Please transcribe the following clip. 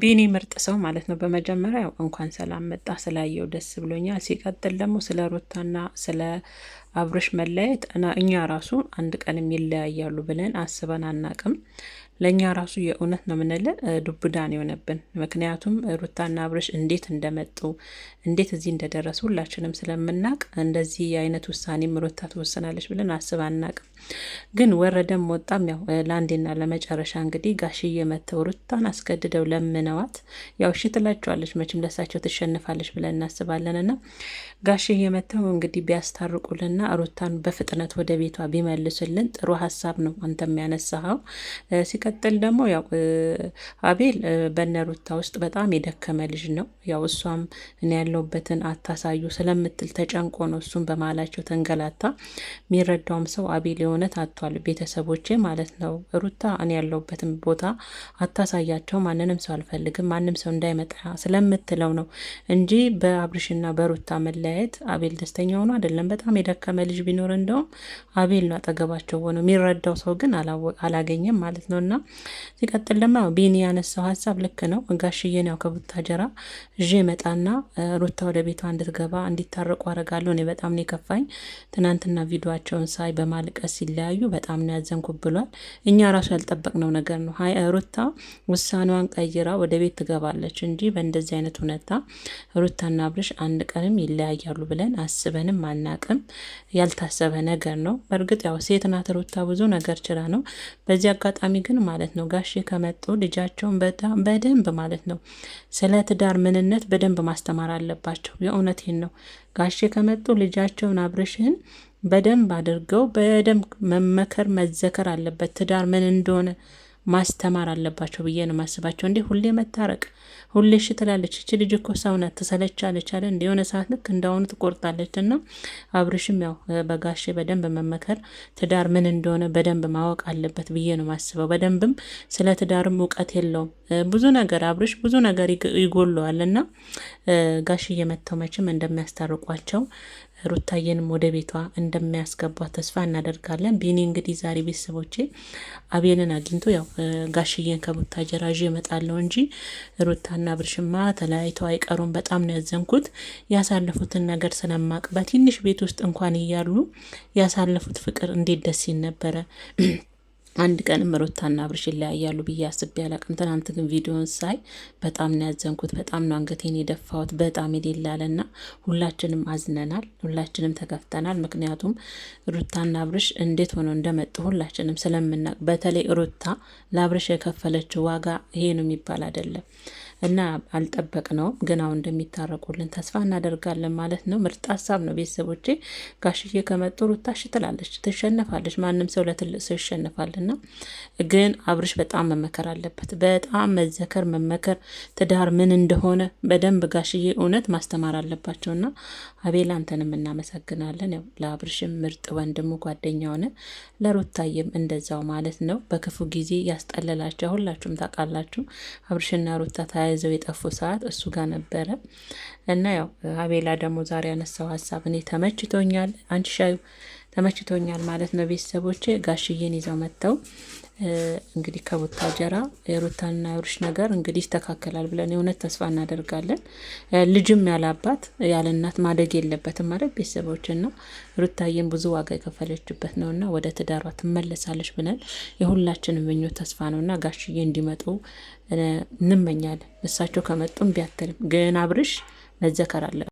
ቢኒ ምርጥ ሰው ማለት ነው። በመጀመሪያ እንኳን ሰላም መጣ ስላየው ደስ ብሎኛል። ሲቀጥል ደግሞ ስለ ሩታና ስለ አብርሽ መለያየት እኛ ራሱ አንድ ቀንም ይለያያሉ ብለን አስበን አናቅም። ለእኛ ራሱ የእውነት ነው ምንለ ዱብዳን የሆነብን ምክንያቱም ሩታና አብርሽ እንዴት እንደመጡ እንዴት እዚህ እንደደረሱ ሁላችንም ስለምናቅ እንደዚህ የአይነት ውሳኔም ሩታ ትወስናለች ብለን አስብ አናቅም። ግን ወረደም ወጣም ያው ለአንዴና ለመጨረሻ እንግዲህ ጋሽዬ የመተው ሩታን አስገድደው ለምነዋት ያው እሺ ትላቸዋለች፣ መቼም ለሳቸው ትሸንፋለች ብለን እናስባለንና ጋሽዬ መተው እንግዲህ ቢያስታርቁልን ና ሩታን በፍጥነት ወደ ቤቷ ቢመልስልን ጥሩ ሀሳብ ነው አንተ የሚያነሳኸው። ሲቀጥል ደግሞ ያው አቤል በነ ሩታ ውስጥ በጣም የደከመ ልጅ ነው። ያው እሷም እኔ ያለውበትን አታሳዩ ስለምትል ተጨንቆ ነው እሱም በማላቸው ተንገላታ። የሚረዳውም ሰው አቤል የሆነት አቷል ቤተሰቦቼ ማለት ነው ሩታ እኔ ያለውበትን ቦታ አታሳያቸው፣ ማንንም ሰው አልፈልግም፣ ማንም ሰው እንዳይመጣ ስለምትለው ነው እንጂ በአብርሽና በሩታ መለያየት አቤል ደስተኛ ሆኖ አይደለም። በጣም የደከ የተሸከመ ልጅ ቢኖር እንደውም አቤል ነው አጠገባቸው ሆነው የሚረዳው ሰው ግን አላገኘም ማለት ነው። እና ሲቀጥል ደግሞ ቢኒ ያነሳው ሀሳብ ልክ ነው። ጋሽዬን ያው ከቡታጀራ ዤ መጣና ሩታ ወደ ቤቷ እንድትገባ እንዲታረቁ አረጋለሁ። እኔ በጣም ነው የከፋኝ ትናንትና ቪዲዮቸውን ሳይ በማልቀስ ሲለያዩ በጣም ነው ያዘንኩ ብሏል። እኛ ራሱ ያልጠበቅነው ነገር ነው። ሩታ ውሳኔዋን ቀይራ ወደ ቤት ትገባለች እንጂ በእንደዚህ አይነት ሁኔታ ሩታና አብርሽ አንድ ቀንም ይለያያሉ ብለን አስበንም አናቅም። ያልታሰበ ነገር ነው። በእርግጥ ያው ሴት ናት ሩታ ብዙ ነገር ችላ ነው። በዚህ አጋጣሚ ግን ማለት ነው ጋሼ ከመጡ ልጃቸውን በጣም በደንብ ማለት ነው ስለ ትዳር ምንነት በደንብ ማስተማር አለባቸው። የእውነቴን ነው። ጋሼ ከመጡ ልጃቸውን አብርሽን በደንብ አድርገው በደንብ መመከር መዘከር አለበት ትዳር ምን እንደሆነ ማስተማር አለባቸው ብዬ ነው ማስባቸው። እንዲህ ሁሌ መታረቅ ሁሌ እሺ ትላለች እች ልጅ እኮ ሰው ናት፣ ትሰለቻለች አለ እንደ የሆነ ሰዓት ልክ እንዳሁኑ ትቆርጣለች። እና አብርሽም ያው በጋሼ በደንብ መመከር ትዳር ምን እንደሆነ በደንብ ማወቅ አለበት ብዬ ነው ማስበው። በደንብም ስለ ትዳርም እውቀት የለውም ብዙ ነገር አብርሽ ብዙ ነገር ይጎለዋል። እና ጋሼ እየመተው መችም እንደሚያስታርቋቸው ሩታየንም ወደ ቤቷ እንደሚያስገቧት ተስፋ እናደርጋለን። ቢኒ እንግዲህ ዛሬ ቤተሰቦቼ አቤልን አግኝቶ ያው ጋሽዬን ከቡታ ጀራዥ እመጣለሁ እንጂ ሩታና ብርሽማ ተለያይቶ አይቀሩም። በጣም ነው ያዘንኩት። ያሳለፉትን ነገር ስለማቅ በትንሽ ቤት ውስጥ እንኳን እያሉ ያሳለፉት ፍቅር እንዴት ደስ ይል ነበረ። አንድ ቀንም ሩታና አብርሽ ይለያያሉ ብዬ አስቤ አላቅም። ትናንት ግን ቪዲዮን ሳይ በጣም ነው ያዘንኩት። በጣም ነው አንገቴን የደፋሁት። በጣም የሌላለና ሁላችንም አዝነናል፣ ሁላችንም ተከፍተናል። ምክንያቱም ሩታና አብርሽ እንዴት ሆነው እንደመጡ ሁላችንም ስለምናቅ፣ በተለይ ሩታ ለአብርሽ የከፈለችው ዋጋ ይሄ ነው የሚባል አይደለም። እና አልጠበቅ ነው ግን አሁን እንደሚታረቁልን ተስፋ እናደርጋለን ማለት ነው። ምርጥ ሀሳብ ነው ቤተሰቦቼ። ጋሽዬ ከመጡ ሩታሽ ትላለች፣ ትሸነፋለች። ማንም ሰው ለትልቅ ሰው ና ግን አብርሽ በጣም መመከር አለበት። በጣም መዘከር መመከር፣ ትዳር ምን እንደሆነ በደንብ ጋሽዬ እውነት ማስተማር አለባቸውና አቤል አንተንም እናመሰግናለን። ያው ለአብርሽም ምርጥ ወንድሙ ጓደኛ ሆነ፣ ለሩታዬም እንደዛው ማለት ነው። በክፉ ጊዜ ያስጠለላቸው ሁላችሁም ታውቃላችሁ አብርሽና ሩታ ተያይዘው የጠፉ ሰዓት እሱ ጋር ነበረ እና ያው አቤላ ደግሞ ዛሬ ያነሳው ሀሳብ እኔ ተመችቶኛል አንቺ ሻዩ ተመችቶኛል ማለት ነው። ቤተሰቦች ጋሽዬን ይዘው መጥተው እንግዲህ ከቦታ ጀራ የሩታንና የሩሽ ነገር እንግዲህ ይስተካከላል ብለን የእውነት ተስፋ እናደርጋለን። ልጅም ያለ አባት ያለ እናት ማደግ የለበትም ማለት ቤተሰቦችና ሩታዬን ብዙ ዋጋ የከፈለችበት ነውና ወደ ትዳሯ ትመለሳለች ብለን የሁላችንም ምኞት ተስፋ ነውና ጋሽዬ እንዲመጡ እንመኛለን። እሳቸው ከመጡም ቢያትልም ግን አብርሽ መዘከር አለ